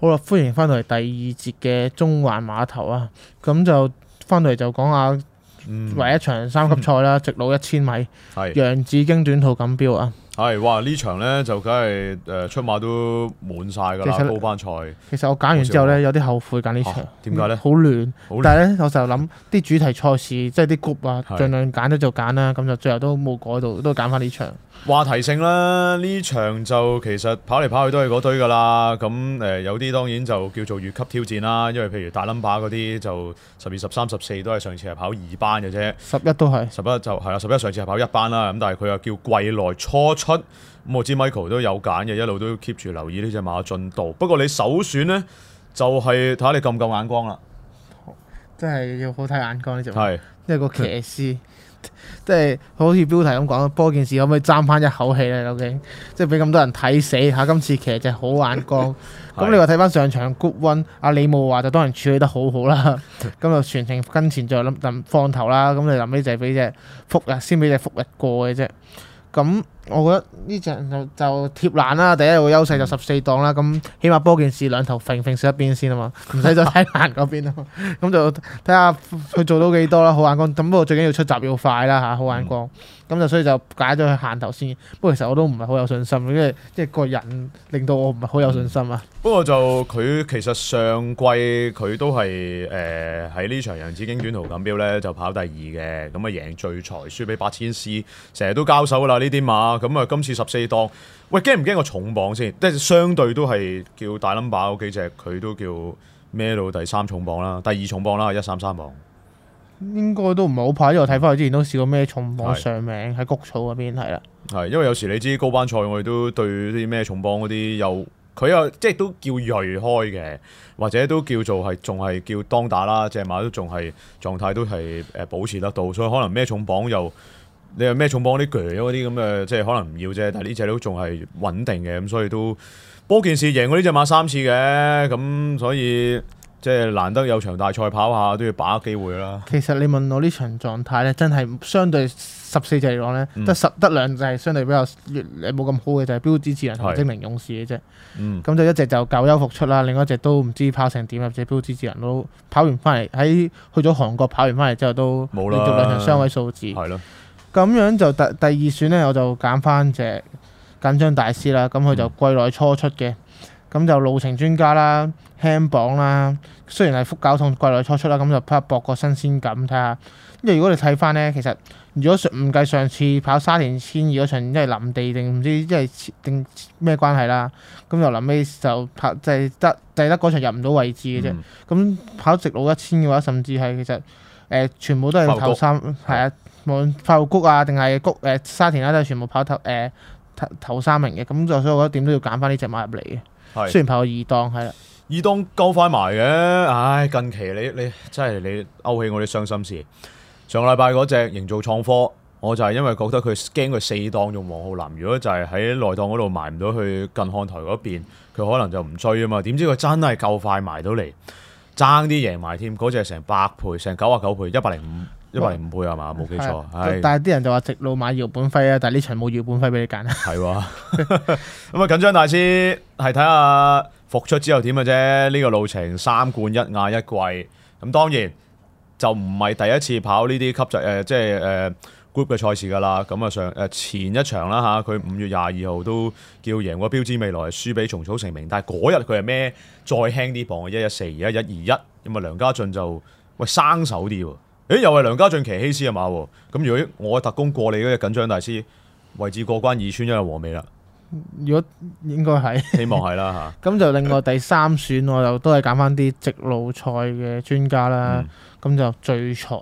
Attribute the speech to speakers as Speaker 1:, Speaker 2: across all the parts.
Speaker 1: 好啦，歡迎翻到嚟第二節嘅縱橫馬投啊！咁就翻到嚟就講下唯一一場三級賽啦，直路一千米，洋紫荊短途錦標啊！
Speaker 2: 係哇，呢場呢，就梗係誒出馬都滿晒㗎啦，高班賽。其實我揀完之後呢，有啲
Speaker 1: 後悔揀呢場，點解呢？好
Speaker 2: 亂，
Speaker 1: 但係呢，我就諗啲主題賽事即係啲 group 啊，儘量揀咗就揀啦，咁就最後都冇改到，都揀翻呢場。
Speaker 2: 話題性啦，呢場就其實跑嚟跑去都係嗰堆噶啦。咁誒，有啲當然就叫做越級挑戰啦，因為譬如大冧巴嗰啲就十二、十三、十四都係上次係跑二班嘅啫。十一都係。十一就係啦，十一上次係跑一班啦。咁但係佢又叫季內初出。咁我知 Michael 都有揀嘅，一路都 keep 住留意呢隻馬嘅進度。不過你首選呢，就係睇下你夠唔夠眼光啦。
Speaker 1: 即係要好睇眼光呢隻馬。係是。因為個騎師。 即係好似標題咁講，波件事可唔可以爭返一口氣呢？究、okay? 竟即係俾咁多人睇死吓、啊，今次其實就好眼光。咁 你話睇返上場谷溫阿李慕華就當然處理得好好啦。咁、 嗯、就全程跟前再諗諗放頭啦。咁、啊、你後尾就係俾只福日，先俾只福日過嘅啫。咁。我覺得呢隻就就貼欄啦，第一個優勢就十四檔啦，咁、嗯、起碼波件事兩頭揈揈上一邊先啊嘛，唔使再睇欄嗰邊啊嘛，咁就睇下佢做到幾多啦，好眼光。咁、嗯、不過最緊要出閘要快啦吓，好眼光。咁、嗯、就所以就解咗佢限頭先。不過其實我都唔係好有信心，因為即係個人令到我唔係好有信心啊。
Speaker 2: 不過、嗯嗯、就佢其實上季佢都係誒喺呢場洋紫荊短途錦標咧就跑第二嘅，咁啊贏聚財，輸俾八千絲，成日都交手噶啦呢啲馬。咁啊、嗯！今次十四檔，喂驚唔驚個重磅先？即係相對都係叫大冧 u 嗰幾隻，佢都叫咩到第三重磅啦，第二重磅啦，一三三磅，
Speaker 1: 應該都唔係好怕，因為我睇翻佢之前都試過咩重磅上名喺谷對草嗰邊係
Speaker 2: 啦。係因為有時你知高班賽，我哋都對啲咩重磅嗰啲又佢又即係都叫銳開嘅，或者都叫做係仲係叫當打啦，隻馬狀態都仲係狀態都係誒保持得到，所以可能咩重磅又。你話咩重磅嗰啲鋸嗰啲咁嘅，即係可能唔要啫。但係呢隻都仲係穩定嘅，咁所以都波件事贏過呢隻馬三次嘅，咁所以即係難得有場大賽跑下，都要把握機會啦。
Speaker 1: 其實你問我呢場狀態咧，真係相對十四、嗯、隻嚟講咧，得十得兩隻係相對比較冇咁好嘅，就係標致智能同精靈勇士嘅啫。咁、嗯、就一隻就久休復出啦，另一隻都唔知跑成點，或者標致智能都跑完翻嚟，喺去咗韓國跑完翻嚟之後都冇啦，連續兩場雙位數字係咯。咁樣就第第二選咧，我就揀翻隻緊張大師啦。咁佢就季內初出嘅，咁、嗯、就路程專家啦、輕磅啦。雖然係復攪痛季內初出啦，咁就搏個新鮮感睇下。因為如果你睇翻咧，其實如果唔計上次跑沙田千二嗰場，因為臨地定唔知，因為定咩關係啦，咁就臨尾就拍，就係、是、得，得嗰場入唔到位置嘅啫。咁、嗯、跑直路一千嘅話，甚至係其實誒，全部都係頭三，係啊、嗯。嗯嗯萬快活谷啊，定係谷誒沙田啊，都係全部跑頭誒、呃、頭三名嘅，咁就所以我覺得點都要揀翻呢隻馬入嚟嘅。係是雖然跑到二檔，係
Speaker 2: 二檔夠快埋嘅。唉，近期你你，你真係你勾起我啲傷心事。上個禮拜嗰隻營造創科，我就係因為覺得佢驚佢四檔用黃浩林，如果就係喺內檔嗰度埋唔到去近看台嗰邊，佢可能就唔追啊嘛。點知佢真係夠快埋到嚟，爭啲贏埋添。嗰隻成百倍，成九啊九倍，一百零五。因為唔倍係嘛，冇記錯。但係
Speaker 1: 啲人就話直路買月本費是啊，但係呢場冇月本
Speaker 2: 費俾你揀。係哇，咁啊緊張大師，係睇下復出之後點嘅啫。呢、這個路程三冠一亞一季，咁當然就唔係第一次跑呢啲級賽誒，即係誒 group 嘅賽事噶啦。咁啊上誒前一場啦吓，佢、呃、五月廿二號都叫贏過標誌未來，輸俾蟲草成名。但係嗰日佢係咩再輕啲磅一一四而一，一二一。咁啊梁家俊就喂生手啲喎。誒，又係梁家俊騎希斯嘅馬，咁如果我特攻過你嗰隻緊張大師位置過關二串一，就係和味啦。
Speaker 1: 如果應該係，希望係啦吓。咁 就另外第三選， 我又都係揀翻啲直路賽嘅專家啦。咁、嗯、就最才，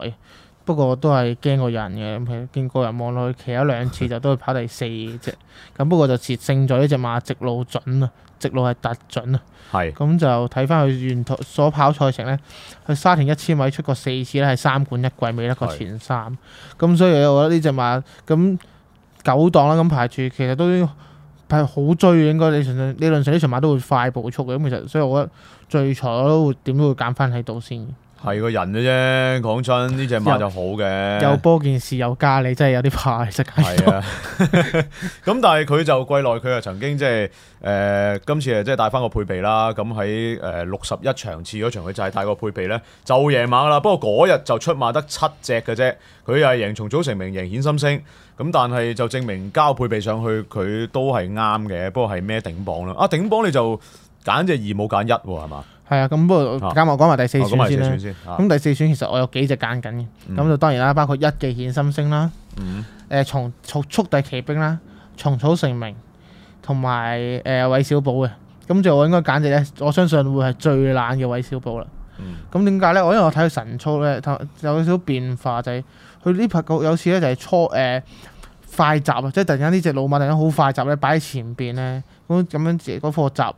Speaker 1: 不過都係驚過人嘅。咁係見過人望落去騎咗兩次就都會跑第四隻。咁 不過就蝕勝在呢隻馬直路準啊。直路係特準啊，咁是就睇翻佢沿途所跑賽程咧，佢沙田一千米出過四次咧，係三冠一季，未得過前三，咁是所以我覺得呢隻馬咁九檔啦，咁排住其實都係好追嘅，應該理論上，理論上呢場馬都會快步速嘅，咁其實所以我覺得最我都點都會揀翻喺度先。
Speaker 2: 係個人嘅啫，講真呢隻馬就好嘅。有波
Speaker 1: 件事有加你，真有你，真係有啲怕，真係。啊，
Speaker 2: 咁但係佢就貴內，佢又曾經即係誒，今次誒即係帶翻個配備啦。咁喺誒六十一場次嗰場，佢就係帶個配備咧，就夜馬啦。不過嗰日就出馬得七隻嘅啫，佢又係贏從組成名贏顯心聲。咁但係就證明加配備上去，佢都係啱嘅。不過係咩頂磅啦？啊頂磅你就揀隻二冇揀一係嘛？
Speaker 1: 係啊，咁不過加我講埋第四選先啦。咁、啊啊啊啊啊、第四選其實我有幾隻揀緊嘅，咁、嗯、就當然啦，包括一技顯心聲啦，誒、嗯，蟲、呃、速速遞奇兵啦，蟲草成名，同埋誒韋小寶嘅。咁最後我應該揀隻咧，我相信會係最懶嘅韋小寶啦。咁點解咧？我因為我睇佢神操咧，有少少變化就係佢呢排有次咧就係初誒、呃、快閘啊，即、就、係、是、突然間呢隻老馬突然間好快閘咧，擺喺前邊咧，咁咁樣接嗰課閘。那個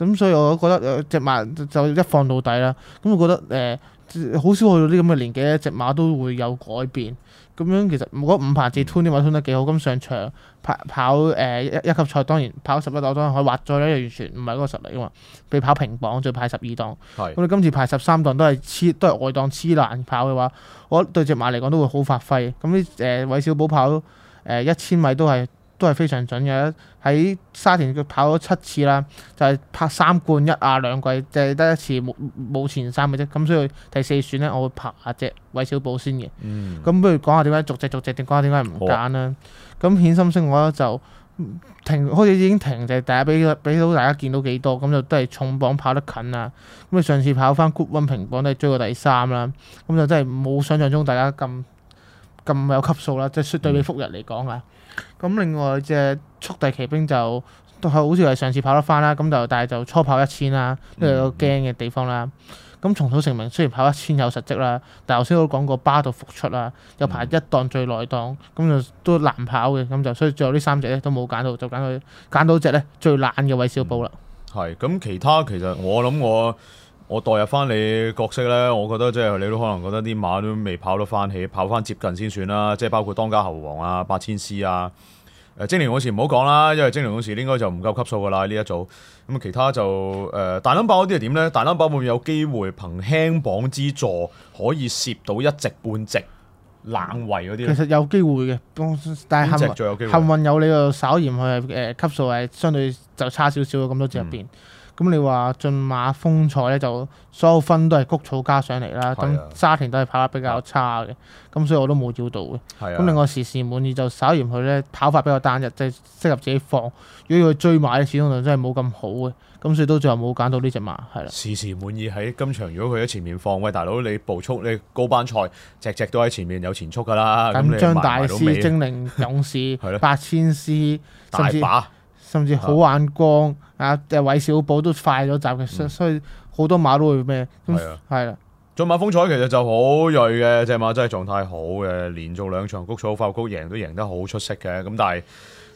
Speaker 1: 咁所以我覺得誒隻馬就一放到底啦。咁我覺得誒好少去到啲咁嘅年紀咧，隻馬都會有改變。咁樣其實如果五排至 tune 匹馬 tune 得幾好，咁上場跑跑誒一一級賽當然跑十一檔當然可以挖咗咧，又完全唔係嗰個實力啊嘛。譬如跑平榜再派十二檔，咁你是今次派十三檔都係黐都係外檔黐難跑嘅話，我覺得對隻馬嚟講都會好發揮。咁呢誒韋小寶跑誒一千米都係。都係非常準嘅，喺沙田佢跑咗七次啦，就係、是、拍三冠一啊兩季，淨係得一次冇冇前三嘅啫。咁所以第四選咧，我會拍下隻韋小寶先嘅。咁、嗯、不如講下點解續藉續藉，點下點解唔揀啦？咁顯心星我得就停，開始已經停，就係、是、大家俾俾到大家見到幾多，咁就都係重磅跑得近啊。咁你上次跑翻谷 r o 平榜都係追過第三啦，咁就真係冇想象中大家咁咁有級數啦。即、就、係、是、對比福日嚟講啊。咁另外隻速遞奇兵就都係好似係上次跑得翻啦，咁就但係就初跑一千啦，都有驚嘅地方啦。咁重土成名雖然跑一千有實績啦，但係頭先都講過巴度復出啦，又排一檔最內檔，咁就、嗯、都難跑嘅，咁就所以最後呢三隻咧都冇揀到，就揀佢揀到隻咧最懶嘅韋小布啦。
Speaker 2: 係、嗯，咁其他其實我諗我。我代入翻你角色咧，我覺得即係你都可能覺得啲馬都未跑得翻起，跑翻接近先算啦。即係包括當家猴王啊、八千師啊、誒、呃、精靈武士唔好講啦，因為精靈武士應該就唔夠級數噶啦呢一組。咁、嗯、其他就誒大冧巴嗰啲係點咧？大冧巴會唔會有機會憑輕磅之助可以攝到一隻半隻冷圍嗰啲？其實
Speaker 1: 有機會嘅，但係幸運有你嘅稍嫌去誒級數係相對就差少少咁多隻入邊。嗯咁你話進馬風賽咧，就所有分都係谷草加上嚟啦。咁、啊、沙田都係跑得比較差嘅，咁所以我都冇叫到嘅。咁令、啊、我時時滿意就稍嫌佢咧跑法比較單一，即、就、係、是、適合自己放。如果佢追馬咧，始終就真係冇咁好嘅。咁所以都
Speaker 2: 最後冇揀到呢隻馬，係啦、啊。時時滿意喺今場，如果佢喺前面放，喂大佬你步速你高班賽，隻隻都喺前面有前速噶啦。咁張大師精靈勇士 八
Speaker 1: 千絲，甚至大把。甚至好眼光啊！就韋、啊、小寶都快咗閘嘅，所以好、嗯、多馬都會咩？係啊，嗯、啊
Speaker 2: 做馬風采其實就好銳嘅，隻馬真係狀態好嘅，連續兩場谷草發谷贏都贏得好出色嘅。咁但係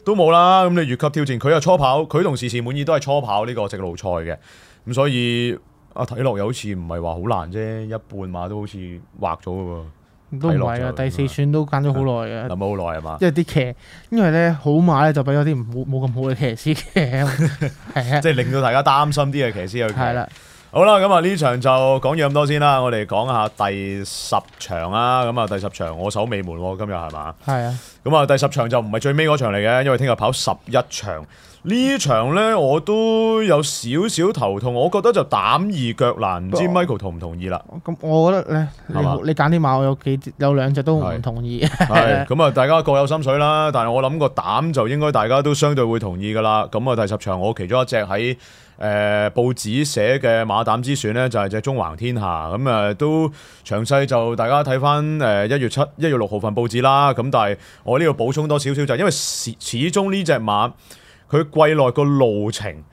Speaker 2: 都冇啦。咁你越級挑戰，佢又初跑，佢同事事滿意都係初跑呢個直路賽嘅。咁所以啊，睇落又好似唔係話好難啫，一半馬都好似劃咗嘅喎。都唔係啊，第四選都揀咗好耐嘅，諗好耐係嘛？因為
Speaker 1: 啲騎，因為咧好馬咧就俾咗啲冇冇咁好嘅騎師騎，係啊，
Speaker 2: 即係令到大家擔心啲嘅騎師去騎。係啦是的，好啦，咁啊呢場就講咗咁多先啦，我哋講下第十場啊，咁啊第十場我守尾門喎，今日係嘛？係啊，咁啊第十場就唔係最尾嗰場嚟嘅，因為聽日跑十一場。呢場呢，我都有少少頭痛，我覺得就膽易腳難，唔知 Michael 同唔同意啦？
Speaker 1: 咁、嗯嗯、我覺得呢，你吧你揀啲馬，我有幾有兩隻都唔同意。係
Speaker 2: 咁啊，大家各有心水啦。但係我諗個膽就應該大家都相對會同意噶啦。咁、嗯、啊，第十場我其中一隻喺誒、呃、報紙寫嘅馬膽之選呢，就係、是、隻中橫天下。咁、嗯、啊、嗯，都詳細就大家睇翻誒一月七、一月六號份報紙啦。咁、嗯、但係我呢度補充多少少就因為始始終呢隻馬。佢季內個路程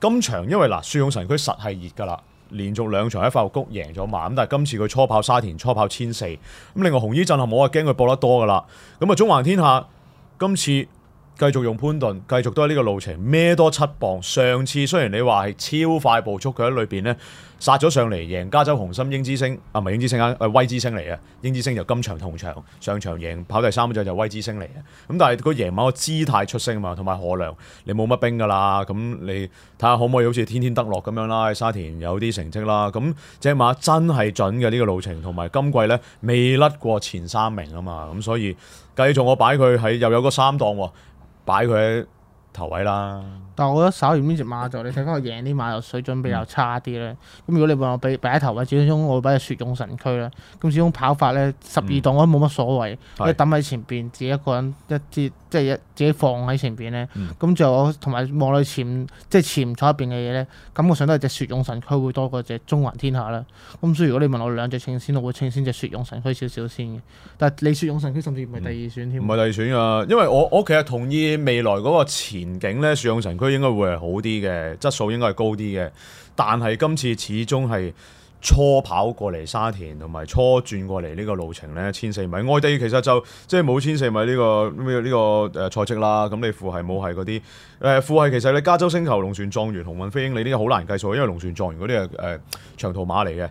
Speaker 2: 今場，因為嗱，雪勇神駒佢實係熱噶啦，連續兩場喺快活谷贏咗嘛，咁但係今次佢初跑沙田，初跑千四，咁另外紅衣鎮候我啊驚佢博得多噶啦，咁啊中環天下今次。繼續用潘頓，繼續都係呢個路程孭多七磅。上次雖然你話係超快步速，佢喺裏邊呢殺咗上嚟，贏加州紅心、英之星啊，唔係英之星啊，係威之星嚟嘅。英之星就今場、同場、上場贏跑第三嗰隻就威之星嚟嘅。咁但係個贏馬個姿態出聲啊嘛，同埋含量，你冇乜兵噶啦。咁你睇下可唔可以好似天天得樂咁樣啦？喺沙田有啲成績啦。咁隻馬真係準嘅呢、呢個路程，同埋今季呢，未甩過前三名啊嘛。咁所以繼續我擺佢喺又有個三檔喎。擺佢。頭位啦，但係我覺得稍後
Speaker 1: 呢隻馬就你睇翻佢贏啲馬就水準比較差啲咧。咁、嗯、如果你問我比擺頭位，始終我會擺隻雪勇神駒咧。咁始終跑法咧十二檔我都冇乜所謂，嗯、一抌喺前邊，自己一個人一啲即係一自己放喺前,面、嗯、前,前邊咧。咁就我同埋望佢潛即係潛在入邊嘅嘢咧，感覺上都係隻雪勇神駒會多過隻中環天下啦。咁、嗯、所以如果你問我兩隻稱先，我會稱先隻雪勇神駒少少先嘅。但係你雪勇神駒甚至唔係第二選添，
Speaker 2: 唔係、嗯、第二選啊，因為我我,我其實同意未來嗰個環境咧，雪勇神駒應該會係好啲嘅，質素應該係高啲嘅。但係今次始終係初跑過嚟沙田，同埋初轉過嚟呢個路程咧，千四米。外地其實就即係冇千四米呢，這個呢，這個誒賽績啦。咁你父係冇係嗰啲誒父係，其實你加州星球龍船狀元鴻運飛鷹，你呢啲好難計數，因為龍船狀元嗰啲係誒長途馬嚟嘅。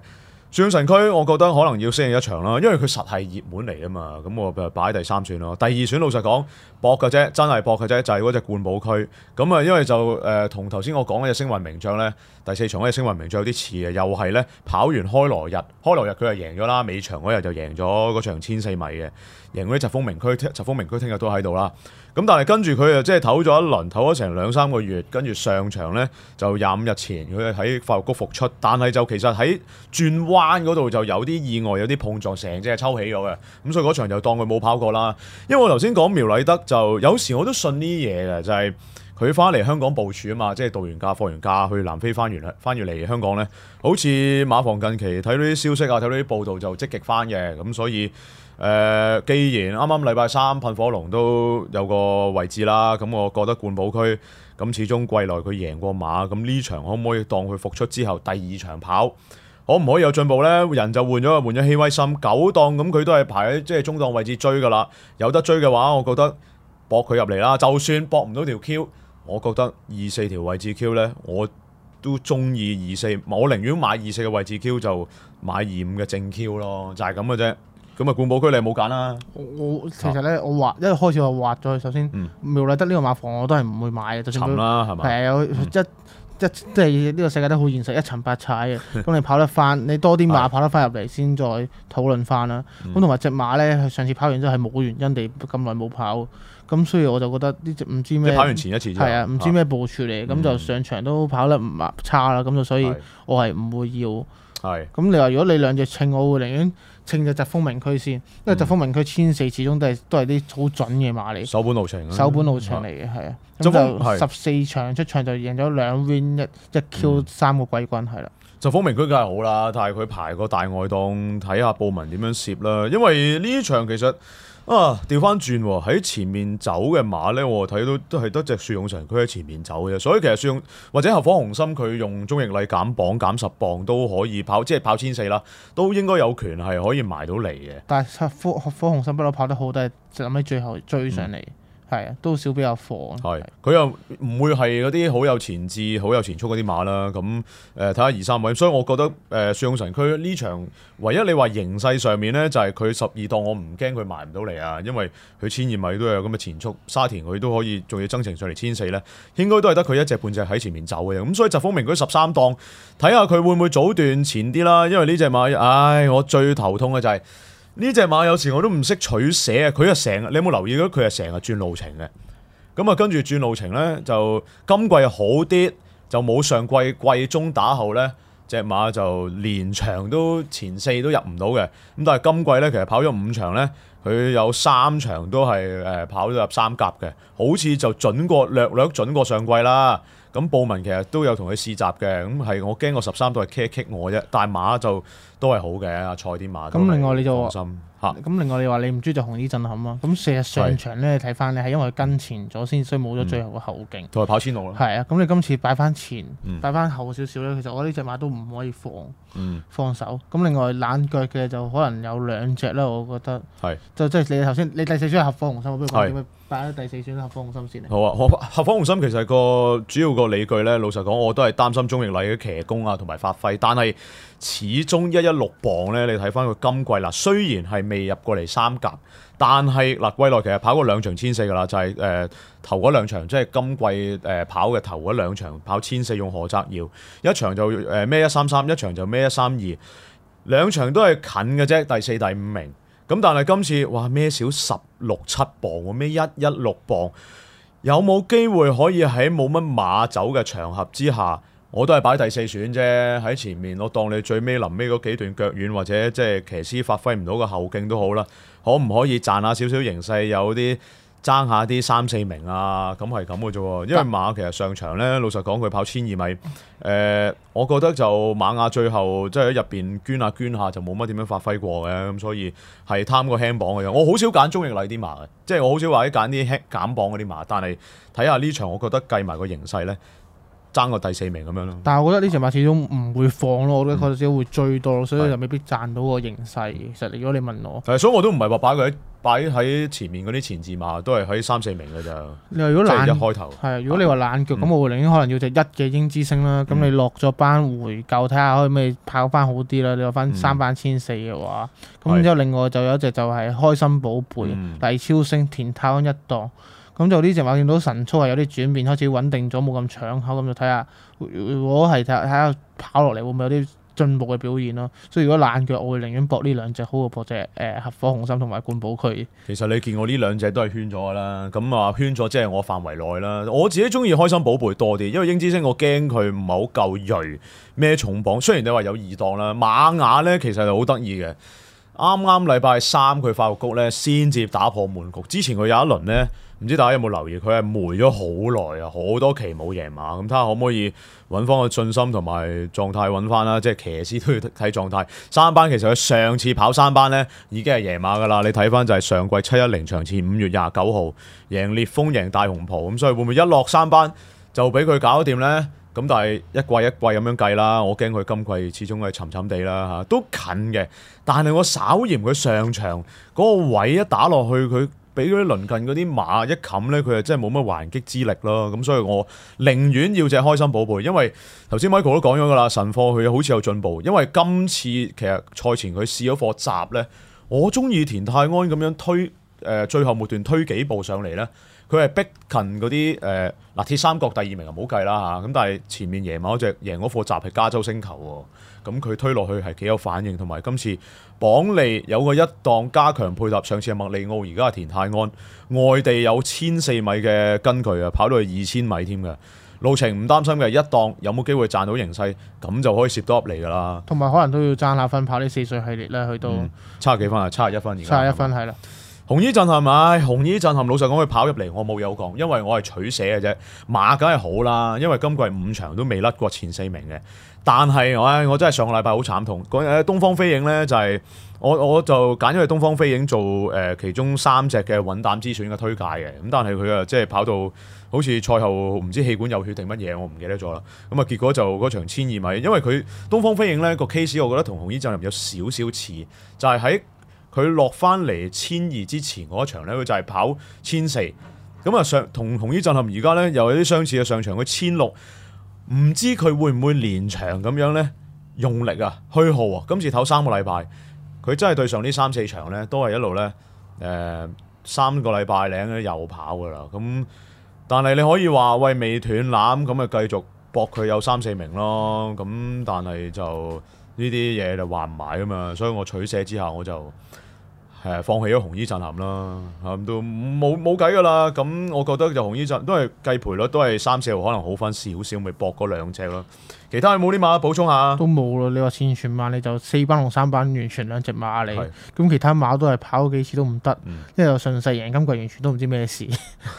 Speaker 2: 鑽神駒，我覺得可能要先贏一場啦，因為佢實係熱門嚟啊嘛，咁我咪擺第三選咯。第二選老實講，博嘅啫，真係博嘅啫，就係嗰隻冠寶區。咁啊，因為就誒同頭先我講嘅星運明爵咧。第四場嗰星運明爵有啲似嘅，又係咧跑完開羅日，開羅日佢係贏咗啦，尾場嗰日就贏咗嗰場千四米嘅，贏嗰啲疾風名區，疾風名區聽日都喺度啦。咁但係跟住佢又即係唞咗一輪，唞咗成兩三個月，跟住上場咧就廿五日前佢喺法育谷復出，但係就其實喺轉彎嗰度就有啲意外，有啲碰撞，成隻係抽起咗嘅，咁所以嗰場就當佢冇跑過啦。因為我頭先講苗禮德，就有時我都信呢啲嘢嘅，就係、是。佢翻嚟香港部署啊嘛，即係度完假放完假去南非翻完翻越嚟香港咧，好似馬房近期睇到啲消息啊，睇到啲報道就積極翻嘅。咁所以誒、呃，既然啱啱禮拜三噴火龍都有個位置啦，咁我覺得冠寶區咁始終貴來佢贏過馬，咁呢場可唔可以當佢復出之後第二場跑，可唔可以有進步咧？人就換咗，換咗希威森九檔，咁佢都係排喺即係中檔位置追噶啦，有得追嘅話，我覺得搏佢入嚟啦，就算搏唔到條 Q。我覺得二四條位置 Q 咧，我都中意二四，我寧願買二四嘅位置 Q 就買二五嘅正 Q 咯，就係咁嘅啫。咁啊，冠寶區你冇揀啦。我
Speaker 1: 其實咧，我畫一開始我畫咗，首先苗禮、嗯、德呢個馬房我都係唔會買嘅，就沉啦，係咪？係啊，即、嗯。即係呢個世界都好現實，一層八踩嘅。咁你跑得返，你多啲馬跑得返入嚟先再討論返啦。咁同埋隻馬呢，上次跑完之後係冇原因地咁耐冇跑，咁所以我就覺得呢隻唔知咩。跑完前一次。係啊，唔知咩部署嚟，咁、嗯、就上場都跑得唔差啦。咁就所以，我係唔會要。嗯嗯。係，咁你話如果你兩隻稱，我會寧願稱隻疾風明軀先，因為疾風明軀千四始終都係都係啲好準嘅馬嚟，首本路程，首本路程嚟嘅，係啊，咁就十四場的出場就贏咗兩 win 一一 Q 三個季軍係啦，
Speaker 2: 的疾風明軀梗係好啦，但係佢排個大外檔睇下布文點樣攝啦，因為呢場其實。啊！調翻轉喎，喺前面走嘅馬咧，我睇到都係得隻雪勇神駒，佢喺前面走嘅，所以其實雪勇或者後方紅心佢用鍾易禮減磅減十磅都可以跑，即係跑千四啦，都應該有權係可以埋到嚟嘅。
Speaker 1: 但係後方紅心不嬲跑得好，低，就諗起最後追上嚟。嗯係啊，都少比較火
Speaker 2: 係，佢又唔會係嗰啲好有前置、好有前速嗰啲馬啦。咁誒，睇、呃、下二三位，所以我覺得誒，雪勇、呃、神駒呢場唯一你話形勢上面咧，就係佢十二檔，我唔驚佢埋唔到嚟啊。因為佢千二米都有咁嘅前速，沙田佢都可以，仲要增程上嚟千四咧，應該都係得佢一隻半隻喺前面走嘅。咁所以澤豐明嗰十三檔，睇下佢會唔會早段前啲啦。因為呢隻馬，唉，我最頭痛嘅就係、是。呢隻馬有時我都唔識取捨啊！佢又成日，你有冇留意到？佢又成日轉路程嘅。咁啊，跟住轉路程咧，就今季好啲，就冇上季季中打後咧，隻馬就連場都前四都入唔到嘅。咁但係今季咧，其實跑咗五場咧，佢有三場都係誒跑咗入三甲嘅，好似就準過略略準過上季啦。咁暴文其實都有同佢試閘嘅，咁係我驚個十三都係踢一踢我啫。但馬就都係好嘅，賽啲馬都放心。嚇！
Speaker 1: 咁另外你話、啊、你唔中意就紅啲震撼啦。咁四日上場咧，睇翻你係因為跟前咗先，所以冇咗最後嘅後勁。同埋、嗯、跑千路啦。係啊，咁你今次擺翻前，擺翻、嗯、後少少咧，其實我呢隻馬都唔可以放，嗯、放手。咁另外懶腳嘅就可能有兩隻啦，我覺得。係是。就即係你頭先，你第四張係合方紅心，我幫是打到第四選
Speaker 2: 合方紅心先嚟好啊，合方紅心其實個主要個理據咧，老實講我都係擔心鍾易禮嘅騎功啊，同埋發揮。但係始終一一六磅咧，你睇翻佢今季嗱，雖然係未入過嚟三甲，但係嗱、季、呃、內其實跑過兩場千四噶啦，就係、是、誒、呃、頭嗰兩場，即係今季誒、呃、跑嘅頭嗰兩場跑千四用何澤堯，一場就誒咩一三三，一場就咩一三二，兩場都係近嘅啫，第四、第五名。咁但係今次哇，孭少十六七磅，我孭一一六磅，有冇機會可以喺冇乜馬走嘅場合之下，我都係擺第四選啫。喺前面我當你最尾臨尾嗰幾段腳軟或者即係騎師發揮唔到個後勁都好啦，可唔可以賺下少少形勢有啲？爭下啲三四名啊，咁係咁嘅啫喎。因為馬其實上場咧，老實講佢跑千二米，誒、呃，我覺得就馬亞最後即係喺入邊捐下捐下就冇乜點樣發揮過嘅，咁所以係貪個輕磅嘅啫。我好少揀中型嗰啲馬嘅，即係我好少話啲揀啲輕減磅嗰啲馬，但係睇下呢場，我覺得計埋個形勢咧。爭過第四名咁樣咯，
Speaker 1: 但係我覺得呢隻馬始終唔會放咯，我覺得佢始終會追多，所以就未必賺到個形勢。其實如果你問我，
Speaker 2: 所以我都唔係話擺佢喺擺喺前面嗰啲前字馬，都係喺三四名嘅咋。你話如果冷，係
Speaker 1: 啊，如果你話冷腳咁，我寧願可能要隻一嘅英之星啦。咁你落咗班回夠睇下可唔可以跑翻好啲啦。你落翻三班千四嘅話，咁之後另外就有一隻就係開心寶貝、麗超星田安一檔。咁就呢隻馬見到神速係有啲轉變，開始穩定咗，冇咁搶口，咁就睇下，如果係睇睇下跑落嚟會唔會有啲進步嘅表現咯。所以如果爛腳，
Speaker 2: 我會寧願搏呢兩隻，好過搏隻誒合火紅心同埋冠寶區。其實你見我呢兩隻都係圈咗噶啦，咁啊圈咗即係我範圍內啦。我自己中意開心寶貝多啲，因為英之星我驚佢唔係好夠鋭咩重磅。雖然你話有二檔啦，馬雅咧其實係好得意嘅。啱啱禮拜三佢發育局咧先至打破悶局，之前佢有一輪咧，唔知大家有冇留意，佢係霉咗好耐啊，好多期冇贏馬，咁睇下可唔可以揾翻個信心同埋狀態。揾翻啦，即係騎師都要睇狀態。三班其實佢上次跑三班咧已經係贏馬㗎啦，你睇翻就係上季七一零場次五月廿九號贏烈風贏大紅袍，咁所以會唔會一落三班就俾佢搞掂咧？咁但係一季一季咁樣計啦，我驚佢今季始終係沉沉地啦嚇，都近嘅，但係我稍嫌佢上場嗰個位一打落去，佢俾嗰啲鄰近嗰啲馬一冚咧，佢係真係冇乜還擊之力咯。咁所以我寧願要隻開心寶貝，因為頭先 Michael 都講咗噶啦，神駒佢好似有進步，因為今次其實賽前佢試咗課閘咧，我中意田泰安咁樣推誒最後末段推幾步上嚟咧。佢係逼近嗰啲誒嗱鐵三角第二名啊，唔好計啦嚇。咁但係前面野馬嗰隻贏嗰副集係加州星球喎。咁、嗯、佢推落去係幾有反應，同埋今次榜利有個一檔加強配合，上次係麥利奧，而家係田泰安。外地有千四米嘅根據啊，跑到去二千米添嘅路程唔擔心嘅。一檔有冇機會賺到形勢咁就可以攝到入嚟㗎啦。
Speaker 1: 同埋可能都要爭下分，跑啲四歲
Speaker 2: 系列啦，去到差、嗯、幾分啊？差一分而家。差一分係啦。紅衣震撼係咪？紅衣震撼同老實講，佢跑入嚟，我冇有講，因為我係取捨嘅啫。馬梗係好啦，因為今季五場都未甩過前四名嘅。但係，我我真係上個禮拜好慘痛。日東方飛影咧就係、是、我我就揀咗佢東方飛影做誒、呃、其中三隻嘅穩膽之選嘅推介嘅。咁但係佢啊，即係跑到好似賽後唔知氣管有血定乜嘢，我唔記得咗啦。咁啊，結果就嗰場千二米，因為佢東方飛影咧個 case，我覺得同紅衣震撼有少少似，就係喺。佢落翻嚟千二之前嗰場咧，佢就係跑千四，咁啊上同紅衣震撼而家咧又有啲相似嘅上場，佢千六，唔知佢會唔會連場咁樣咧用力啊虛耗啊，今次唞三個禮拜，佢真係對上呢三四場咧都係一路咧誒、呃、三個禮拜零咧又跑噶啦，咁但係你可以話喂，未斷纜咁啊繼續搏佢有三四名咯，咁但係就呢啲嘢就話唔埋啊嘛，所以我取捨之下我就。誒放棄咗紅衣震撼啦，咁都冇冇計㗎啦。咁我覺得就紅衣震都係計賠率，都係三四號可能好返少少，咪搏嗰兩隻咯。其他有冇啲馬補充下？
Speaker 1: 都冇啦。你話千選馬，你就四班同三班完全兩隻馬你咁是其他馬都係跑幾次都唔得，嗯、因為順勢贏金櫃完全都唔知咩事。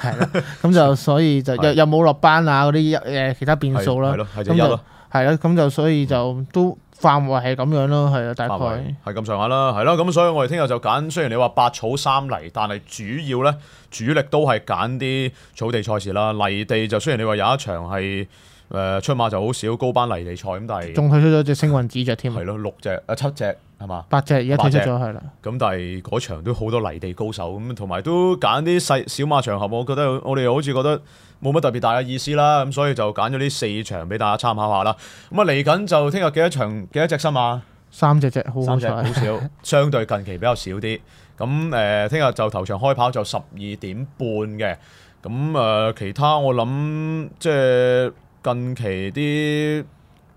Speaker 1: 係 啦，咁就所以就又又冇落班啊嗰啲誒其他變數啦。係咯的，係的就休咯。嗯嗯係啦，咁就所以就都範圍係咁樣咯，係啊，大概
Speaker 2: 係咁上下啦，係咯。咁所以我哋聽日就揀，雖然你話八草三泥，但係主要咧主力都係揀啲草地賽事啦，泥地就雖然你話有一場係誒出馬就好少高班泥地賽咁，但係仲推出
Speaker 1: 咗隻星運明爵添，
Speaker 2: 係咯六隻啊七隻係嘛，
Speaker 1: 八隻而家推出咗去
Speaker 2: 啦。咁但係嗰場都好多泥地高手咁，同埋都揀啲細小馬場合，我覺得我哋又好似覺得。冇乜特別大嘅意思啦，咁所以就揀咗呢四場俾大家參考下啦。咁、嗯、啊，嚟緊就聽日幾多場，幾多隻新馬？
Speaker 1: 三隻隻，三隻好少，
Speaker 2: 相對近期比較少啲。咁誒，聽、呃、日就頭場開跑就十二點半嘅。咁誒、呃，其他我諗即係近期啲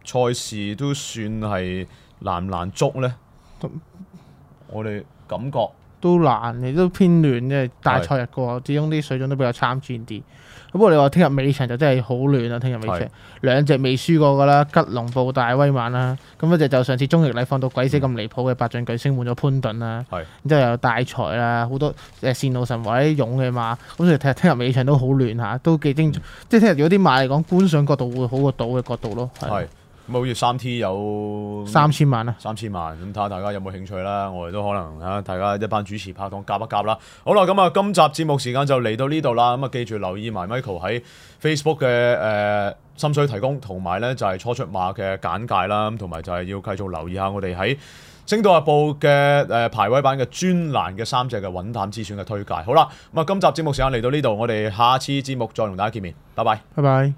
Speaker 2: 賽事都算係難唔難捉咧？ 我哋感覺。
Speaker 1: 都難，你都偏亂，即係大賽日過，始終啲水準都比較參戰啲。咁是的 不過你話聽日尾場就真係好亂啦，聽日尾場是的 兩隻未輸過噶啦，吉隆布大威猛啦，咁一隻就上次中日麗放到鬼死咁離譜嘅百將巨星換咗潘頓啦，然是的 之後又有大財啦，好多誒線路神位擁嘅馬，咁所以聽日聽日尾場都好亂嚇，都幾精彩。即係聽日如果啲馬嚟講，觀賞角度會好過賭嘅角度咯，係。是
Speaker 2: 的 咁啊，好似三 T 有三千萬啦，啊，三千萬。咁睇下大家有冇興趣啦。我哋都可能啊，大家一班主持拍檔夾一夾啦。好啦，咁啊，今集節目時間就嚟到呢度啦。咁啊，記住留意埋 Michael 喺 Facebook 嘅誒、呃、心水提供，同埋咧就係、是、初出馬嘅簡介啦。咁同埋就係要繼續留意下我哋喺《星島日報》嘅、呃、誒排位版嘅專欄嘅三隻嘅穩淡之選嘅推介。好啦，咁啊，今集節目時間嚟到呢度，我哋下次節目再同大家見面。拜拜，
Speaker 1: 拜拜。